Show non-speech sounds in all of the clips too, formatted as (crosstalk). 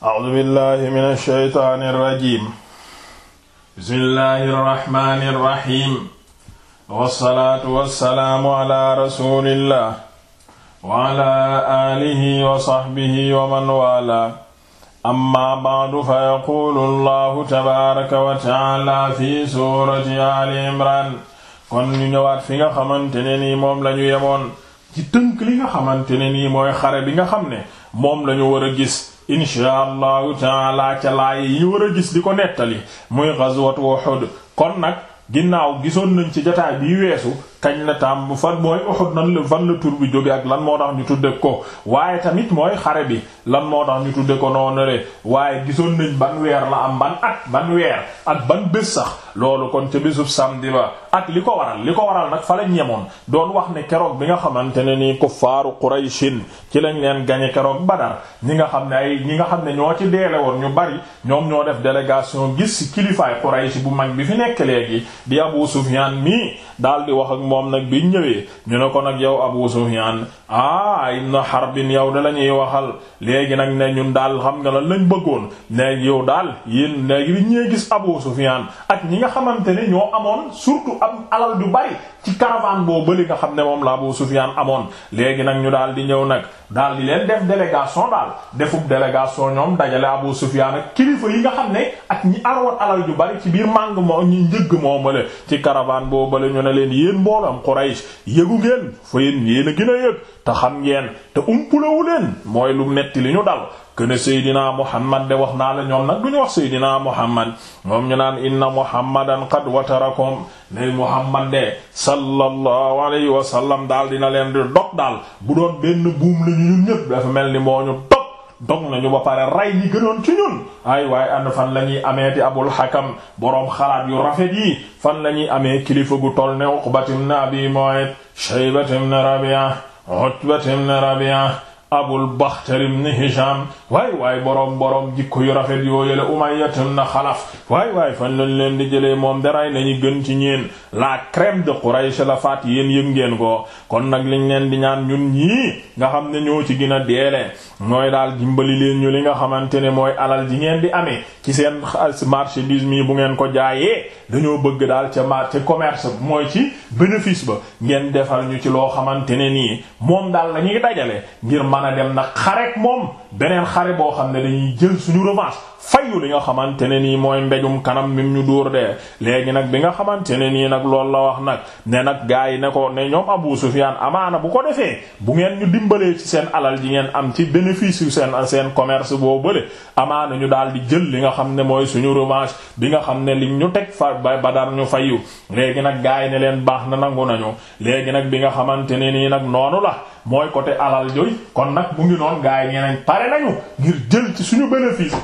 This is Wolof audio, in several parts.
a'uuzu billahi mina shaytaani rajiim bismillahi rahmaani rahiim wassalaatu wassalaamu ala rasulillah wa ala aalihi wa sahbihi wa man waalaa amma ba'du fa yaquulu allahu tabaaraka wa ta'aala fi suurati aali imraan kon ñu ñëwaat fi nga xamante ne nii moom la ñu yemoon ci tënk li nga xamante ne nii mooy xare bi nga xam ne moom la ñu war a gis insha allahu taala ca laaye yi ñu war a gis di ko nettali muy ghazwat Uhud kon nag ginnaaw gisoon nañ ci jotaay bi weesu kañ la tàmm fa mooy Uhud nan la fan la tur bi jóge ak lan moo tax ñu tudde ko waaye tamit mooy xare bi lan moo tax ñu tudde ko noonu rek waaye gisoon nañ ban weer la am ban at ban weer ak ban bés sax loolu kon ca bésub samedi ba ak li ko waral li ko waral nag fa la ñemoon doon wax ne keroog bi nga xamante ne nii kuffaaru Qurayshin ci lañ leen gañe keroog Badar ñi nga xam ne ay ñi nga xam ne ñoo ci deele woon ñu bari ñoom ñoo def délégation gis ci kilifaay Quraysh bu mag bi fi nekk léegi di Abu moom nag bi ñëwee ñu ne ko nag yow Abu Sufyan ah ibn Harb yow de la ñuy waxal léegi nag ne ñun daal xam nga lan lañ bëggoon ne yow daal yéen léegi bi ñee gis Abu Sufyan ak ñi nga xamante ne ñoo amoon surtout am alal du bari ci caravane boo bëli nga xam ne moom la Abu Sufyan amoon léegi nag ñu daal di ñëw nag daal di leen def délégation ñoom dajale Abu Sufyan ak kilifa yi nga xam ne ak ñi aroon alal ju bari ci biir màng ñi njëgg moo ci caravane boo ñu ne leen yéen mbooloom Quraysh yëgu ngeen fa yéen yéen a gën a yëg te xam ngeen te umpulawu leen mooy lu metti li ñu dal kene Seydina Muhammad de wax naa la ñoom nag du ñu wax Seydina Muhammad moom ñu naan inna Muhammadan qad watarakum ne Muhammad de sallallahu alayhi wa sallam daal dina leen di dog daal bu doon benn buum la ñu ñun ñëpp dafa mel ni moo ñu dog nañu ba pare rey ñi gënoon ci ay waaye and fan la ñuy ameeti abul hakam boroom xalaat yu rafet yi fan la ñuy amee kilifa gu toll ne uqbat ibn abi mu'ayt shaybat ibn rabi'a utbat ibn rabi'a abul baxtar ibn hisham waay waay boroom boroom jikko yu rafet yoo yooyale umayyatum na xalaf waay waay fan lañ leen di jëlee moom daray nañu gën ci ñeen la crème de Quraysh la faat yéen yëm ngeen ko kon nag liñ leen di ñaan ñun ñii nga xam ne ñoo ci gën a deelee mooy daal dimbali leen ñu li nga xamante ne mooy alal ji ngeen di amee ci seen marchandise mi bu ngeen ko jaayee dañoo bëgg daal ca ma ca commerce mooy ci bénéfice ba ngeen defal ñu ci loo xamante ne nii moom daal la ñuy dajale mën a dem na xareek moom beneen xare boo xam ne dañuy jël suñu revanche fayu li nga xamante ne nii mooy mbejum kanam mim ñu dóor dee léegi nag bi nga xamante ne nii nag loolu la wax nag ne nag gaa yi ne ko ne ñoom Abu Sufyan amaana bu ko defee bu ngeen ñu dimbalee seen alal ji ngeen am ci bénéfice yu seen seen commerce boo bële amaana ñu daal di jël li nga xam ne mooy suñu revanche bi nga xam ne liñ ñu teg fa Badar ñu fayu léegi nag gaa yi ne leen baax na nangu nañu léegi nag bi nga xamante ne nii nag noonu la mooy côté alal kon nag mu ngi noon gaa yi ñeneen pare nañu ngir jël ci suñu bénéfice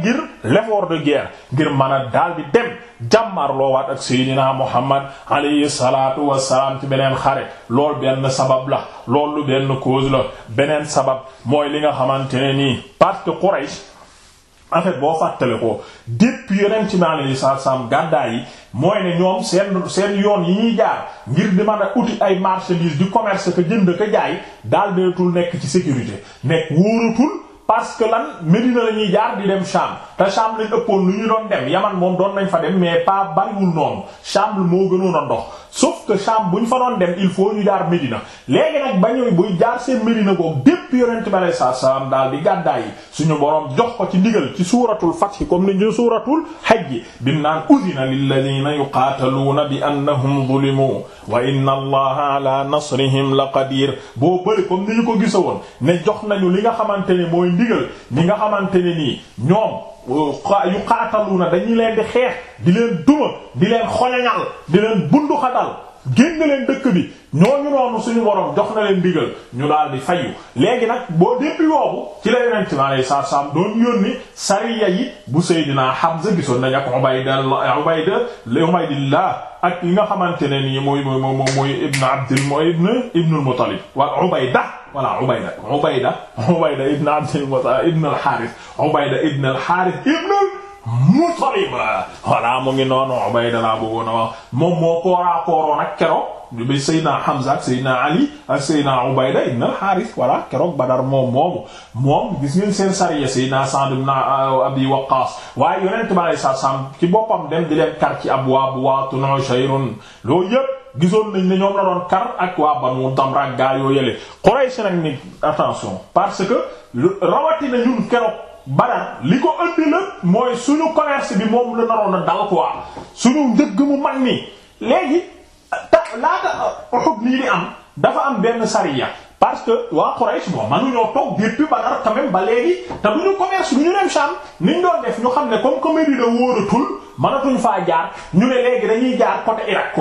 ngir l'effort de guerre ngir mën a daal di dem jàmmarloowaat ak seydinaa muhammad alayhi salaatu wassalaam ci beneen xare lool benn sabab la loolu benn cause la beneen sabab mooy li nga xamante ne nii parce que Quraysh en boo fàttale ko depuis yeneen ci naan yi sax saam gàddaa yi mooy ne ñoom seen yoon yi ñuy jaar ngir di mën a uti ay marchandises du commerce que jënd ka jaay daal deetul nekk ci sécurité nekk wóoratul. parce que lan Medina la ñuy jaar di dem Sham te Sham lañ ëppoon lu ñu doon dem Yaman moom doon nañ fa dem mais pas bariwul noonu Sham moo gënoon a ndox sauf que Sham bu ñu fa doon dem il faut ñu jaar Médina léegi nag ba ñuy buy jaar seen Médina googu dépp yonent bi alei salaatu salaam daal di gàddaay yi suñu borom jox ko ci ndigal ci suuratul Fath comme ni ñu suuratul Hajj bim naan udina lilladina yuqaataluuna bi annahum zulimu wa inna na ala nasrihim la qadir boo bëri comme ni ñu ko gisawoon ne jox nañu li nga xamante ne mooy ndigal ñi nga xamante ne nii ñoom yu na dañu leen di xeex di leen duma bi leen xoñoñal di leen bunduxatal génn leen dëkk bi ñooñu noonu suñu borom jox na leen digal ñu daal di fayu léegi nag boo déppi yoobu ci la yonent mi alayhi salaatu salaam doon yónni sariya yi bu Seydina Hamza gisoon nañ ak Ubayda Ubayda la ak yi nga xamante ne nii mooy mooy mooy mooy Ibn Abdil mooy Ibn Ibnul Muttalib wa Ubayda voilà Ubayda Ubayda Ubayda ibn Abdil Muttalib ibn al-Harith Ubayda ibn al-Harith ibn al-Muttalib voilà mu ngi noonu Ubayda laa bëggoon a wax moom moo ko raakooroon ak keroog bi Seydina Hamza ak Seydina Ali ak Seydina Ubayda ibn al-Harith voilà keroog Badar moom moomu moom gis ngeen seen sariya Seydina Sa'd ibn euh, Abi Waqqas waaye Yonent bi alayhi salaam ci boppam dem di leen kar ci abwaab wa tunaysirun loolu yépp gisoon nañ ne ñoom la doon kar ak waa Banu Damra ak gaa yoo yële Quraysh nag ni attention parce que rawatina ñun keroog Badar li ko ëndi la mooy suñu commerce bi moom la naroon a dal quoi suñu njëgg mu mag nii léegi ta laata uh, Uhud nii am dafa am benn sariya parce que waa Quraysh bon manuñoo toog depuis Badar quand même ba léegi te duñu commerce bu ñu dem Sham niñ doon def ñu xam ne comme que Médina wóoratul mënatuñ faa jaar ñu ne léegi dañuy jaar côté Irak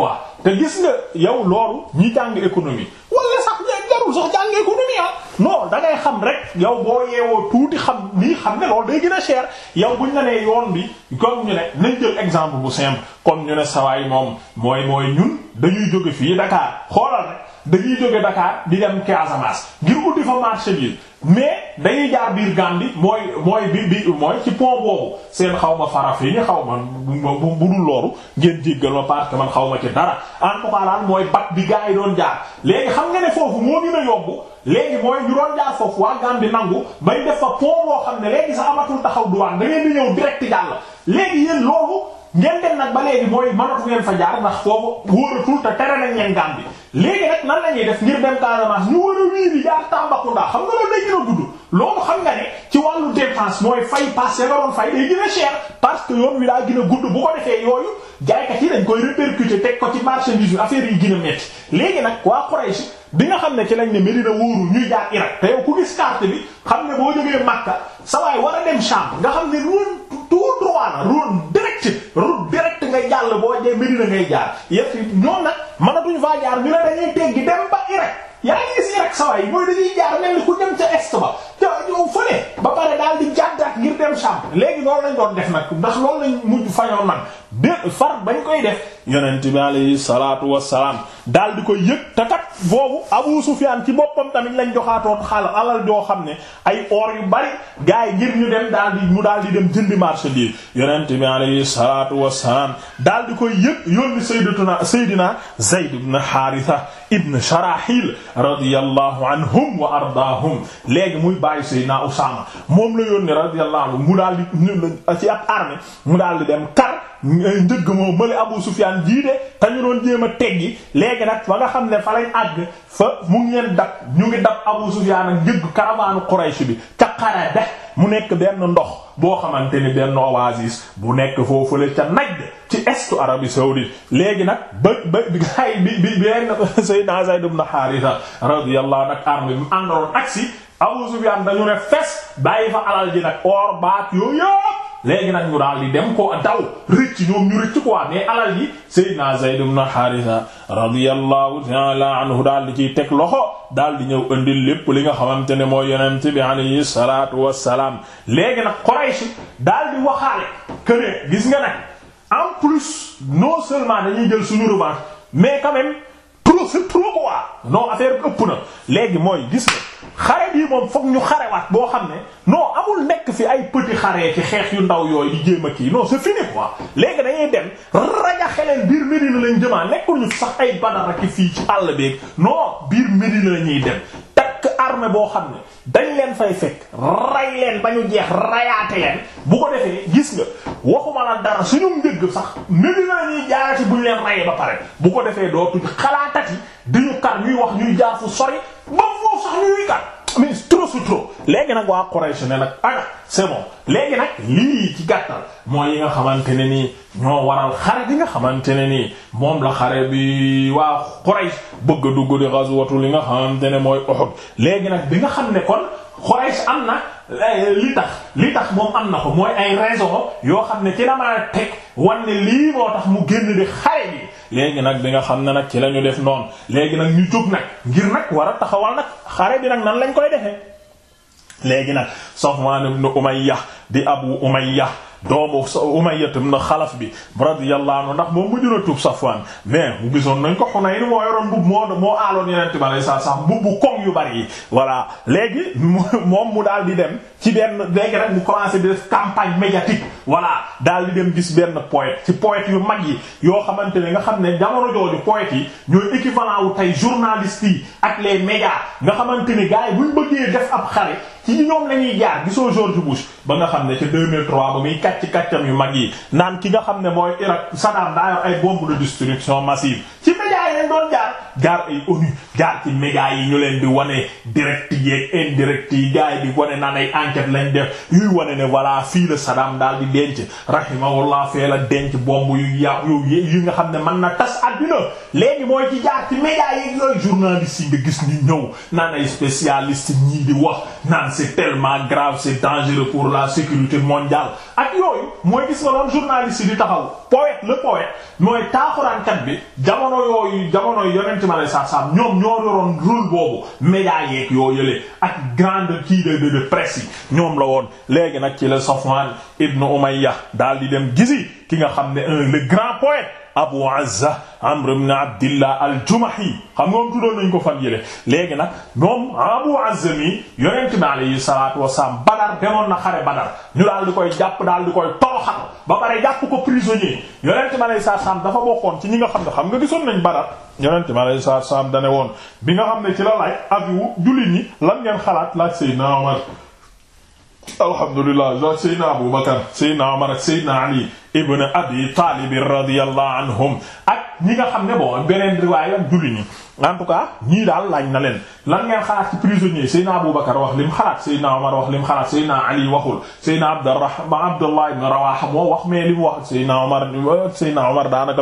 te gis nga yow loolu ñi jàng économie wala sax ña jarul sax jàng économie ah non da xam rek yow boo yeewoo tuuti xam lii xam ne loolu day gën a cher yow buñ la nee yoon bi comme ñu ne nañ jël exemple bu seen comme ñu ne sawaay moom mooy mooy ñun dañuy jóge fii Dakar xoolal rek dañuy jóge Dakar di dem Casamance ngir uddi fa marché bi mais dañuy jaar biir Gambie mooy mooy bi bi mooy ci pont boobu seen xaw ma Farafenni xaw ma bu budul loolu ngeen jéggal ma parce que man xaw ma ci dara en tout cas daal mooy bat bi gars yi doon jaar léegi xam nga ne foofu moo gën a yomb léegi mooy ñu doon jaar foofu waa Gambie nangu bay def fa pont xam ne léegi sa amatul taxaw duwaan da ngeen di ñëw direct jàll léegi yéen loolu ngeen dem nag ba fa jaar ndax te tere nañ léegi nag nan la ñuy def ngir dem Casamance ñu war a wiiri jaar Tambacounda xam nga loolu day gën gudd loolu xam nga ne ci wàllu dépense mooy fay passe nga doon fay day gën a cher parce que yoon wi daa gën a gudd bu ko defee yooyu jaaykat yi dañ koy répercuter teg ko ci marchandise bi affaire yi gën a léegi nag waa Quraysh bi nga xam ne ci lañ ne Medina wóoru ñuy jaar Irak te yow ku gis carte bi xam ne boo jógee Makka sa waay war a dem Sham xam ne route tout droit la nga jàll boo dee Medina ngay jaar yëpp ñoom nag mënatuñ faa jaar ñu ne dañuy teggi dem ba Irak yaa ngi gis Irak saa waay mooy dañuy jaar ba te ñëw fële ba pare daal di jàddaat ngir dem Sham léegi loolu lañ doon def nag ndax loolu lañ mujj fañoon man de far bañ koy def. yonent bi alayhi salaatu wassalaam daal di koy yëg te kat boobu Abu Sufyaan ci boppam tamit lañ joxaatoon xal alal joo xam ne ay or yu bari gars yi ngir ñu dem daal di mu daal di dem jëndi marché bi yonent bi alayhi salaatu wassalaam daal di koy yëg yónni sayyidatuna sayyidina Zayd ibn Haritha ibn Sharahil radiyallahu anhum wa ardaahum léegi muy bàyyi sayyidina Usaama moom la yónni radiyallahu mu daal di ci ab armée mu daal dem kar njëgg moo mali Abu Sufyaan jii de te ñu doon jéem a teggi léegi nag ba nga xam ne fa lañ àgg fa mu ngi leen ñu ngi dab Abu Sufyaan ak njëgg karavaanu Quraysh bi ca Qarada mu nekk benn ndox boo xamante ni benn oasis bu nekk foofu foofule ca Najd ci estu Arabie saoudite léegi nag ba ba ay bi bi benn Sayyidina Zayd ibn Haarisa radiyallahu anhu ak arme bi mu àndaloon aksi Abu Sufyaan dañu ne fes bàyyi fa alal ji nag or baat yooyu léegi nag ñu daal di dem ko daw rëcc ñoom ñu rëcc quoi mais alal yi Seydina Zayd ibn Haritha radiyallahu ta'ala anhu daal di ciy teg loxo daal di ñëw indi lépp li nga xamante ne mooy yonent bi alayhi salaatu wassalaam léegi nag Quraysh daal di waxaale këne gis nga nag en plus non seulement dañuy jël suñu revanche mais quand même trop c'est trop quoi non affaire bi ëpp na léegi mooy gis nga xare bii moom foog ñu xarewaat boo xam ne noo amul nekk fi ay petit xare ci xeex yu ndaw yooyu di jéem a kii non c'est fini quoi léegi dañuy dem raja xeleen biir Médina lañ jëmaa nekkul ñu sax ay Badar ak fii ci àll beeg non biir Médina la ñuy dem takk armée boo xam ne dañ leen fay fekk ray leen ba ñu jeex rayaate leen bu ko defee gis nga waxuma la dara suñu njëgg sax Médina la ñuy jaarati bu ñu leen rayee ba pare bu ko defee dootuñ xalaatati di ñu kar ñuy wax ñuy jaar fu sori fii daal mais trop c'est léegi nag waa Quraysh ne nag ah c'est bon léegi nag lii ci gàttal mooy yi nga xamante ne nii ñoo waral xare bi nga xamante ne nii moom la xare bi waa Quraysh bëgg a dugg di ghazwatu li nga xamante ne mooy Uhud léegi nag bi nga xam ne kon Quraysh am na eh, li tax li tax moom am na ko mooy ay raison yoo xam ne ci la mën teg wan lii moo tax mu génn di xare bi léegi nag bi nga xam ne nag ci la def noon léegi nag ñu jóg nag ngir nag war a taxawal nag xare bi nag nan lañ koy defee léegi nag Safwan ibn Umayya di Abu Umayya doomu Umayya na Xalaf bi radiyallahu anhu ndax moom mujj na tuub Safwaan mais mu gisoon nañ ko Xunayn moo yoroon mbubb moo moo aaloon yeneen ba lay saa sax mbubbu koŋ yu bari yi voilà léegi (laughs) moom mu daal di dem ci benn léegi rek mu commencé di def campagne médiatique voilà daal di dem gis benn poète ci poète yu mag yi yoo xamante ne nga xam ne jamono jooju poète yi ñooy équivalent tay tey journaliste yi ak les médias nga xamante ni gars buñ bëggee def ab ci ñoom la ñuy jaar gisoo George Bush ba nga xam ne ca 2003 ba muy kàcc kàccam yu mag yi naan ki nga xam ne mooy Irak Saddam daa yor ay bombe de destruction massive lañ jaar jaar ay ONU jaar ci médias yi ñu leen di wane direct yeeg indirect yi gars di wane naan ay enquête lañ def yuy wane ne voilà fii la Saddam daal di denc rahimahullah fee la denc bomb yu ya yu nga xam ne man na tas àdduna léegi mooy ci jaar ci médias yeeg yooyu journalistes yi nga gis ñu ñëw naan ay spécialistes ñii di wax naan c'est tellement grave c'est dangereux pour la sécurité mondial ak yooyu mooy gis nga loolu journaliste yi di taxaw poète le poète mooy taaxuraankat bi jamono yooyu jamono yonent ma lay sax sax ñoom ñoo yoroon rôle boobu média yeeg yoo yële ak grande kii de de de yi ñoom la woon léegi nag ci la Safwan ibn Umayya daal di dem gisi ki nga xam ne un le grand poète Abu Azza Amr ibn Abdillah al-Jumahi xam nga moom tuddoon nañ ko fan yële léegi nag moom Abu Azza mi yonent bi alayhi salaatu wasalaam Badar demoon na xare Badar ñu daal di koy jàpp daal di koy toroxal ba pare jàpp ko prisonnier yonent bi alayhi salaatu wasalaam dafa bokkoon ci ñi nga xam ne xam nga gisoon nañ Badar yonent bi alayhi salaatu wasalaam dane woon bi nga xam ne ci la laaj avis wu jullit ñi lan ngeen xalaat laaj Seydina Omar alhamdulilah da seydna Abu Bakar seydna Umar ak seydna Ali ibn Abi Talib radiyallahu anhum ak ñi nga xam ne bon beneen riwaaya ak julli ñi en ñii daal laaj na leen lan ngeen xalaat ci prisonnier seydna Abu Bakar wax lim xalaat seydna Umar wax lim xalaat seydna Ali waxul seydna Abdurrahman Abdullah ibn Rawaha moo wax mais lim wax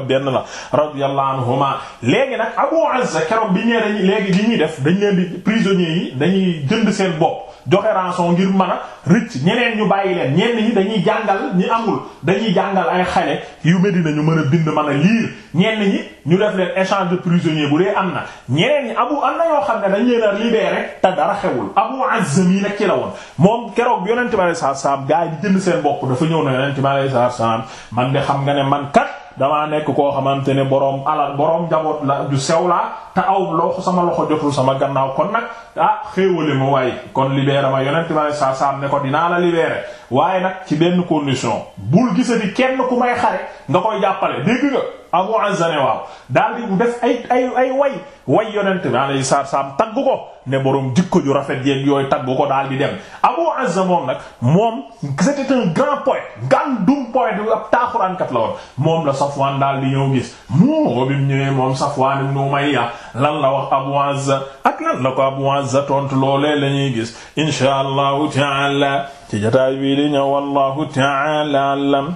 benn la radiyallahu anhuma léegi nag Abu Azza keroog bi ñee dañ léegi li ñuy def dañ leen di prisonniers yi dañuy jënd seen bopp joxe rançon ngir mën a rëcc ñeneen ñu bàyyi leen ñenn ñi dañuy jàngal ñi amul dañuy jàngal ay xale yu Medina ñu mën a bind mën a liir ñenn yi ñu def leen échange de prisonnier bu dee am na ñeneen ñi abu am na yoo xam ne dañ leen a libéré te dara xewul Abu Azmi nag ci la woon moom keroog yonente bi sallallahu alayhi wasallam gaa yi jënd seen bopp dafa ñëw na yonente bi sallallahu alayhi man de xam nga ne man kat damaa nekk koo xamante ne boroom alal boroom njaboot la ju sew laa te aw loxo sama loxo jotul sama gannaaw kon nag ah xéewale ma waaye kon libéré ma yonent ma saa saa ne ko dinaa la libéré waaye nag ci benn condition bul gisati kenn ku may xare nga koy jàppale dégg nga. Abu Azza ne waaw daal di def ay ay ay way way yonent bi alayhi salaam tagg ko ne borom jikko ju rafet yeeg yooyu tagg ko daal di dem Abu Azza moom nag moom c'était un grand poète gàndum poète ab taaxuraankat la woon moom la Safwaan daal di ñëw gis moo bi mu ñëwee moom Safwaan ibn Umayya lan la wax Abu Azza ak lan la ko Abu Azza tontu loolee la ñuy gis inshaa Allahu ta'ala ci jotaay bii di ñëw wallahu ta'ala alam